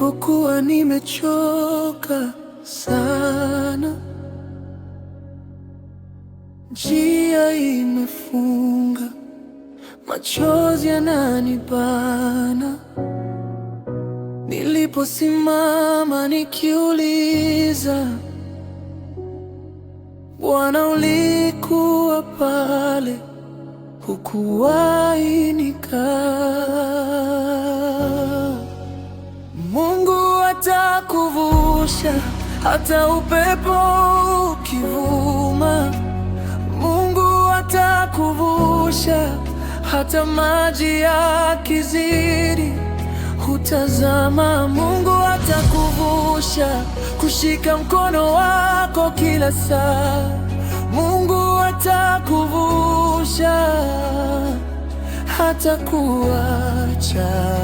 Nilipokuwa nimechoka sana, njia imefunga, machozi yananibana. Niliposimama nikiuliza, Bwana, ulikuwa pale, hukuwahi nika kuniangusha, hata upepo ukivuma, Mungu atakuvusha, hata maji ya kiziri hutazama, Mungu atakuvusha, kushika mkono wako kila saa, Mungu atakuvusha, hata kuacha.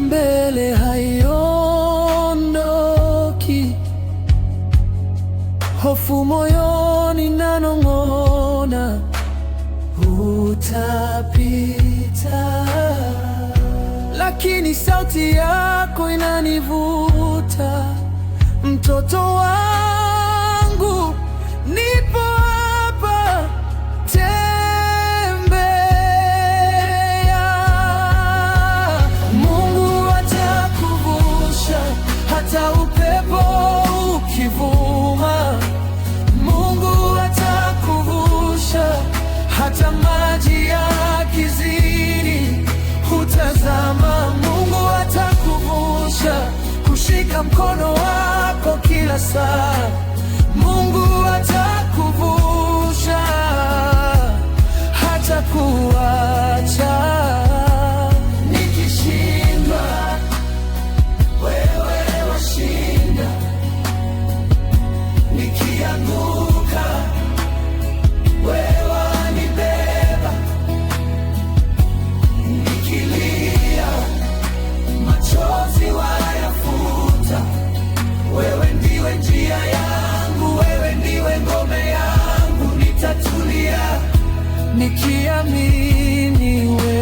mbele, haiondoki. Hofu moyoni nanong'ona, utapita. Lakini sauti yako inanivuta mtoto wako kila saa, Mungu atakuvusha hata kuwa nikiamini wewe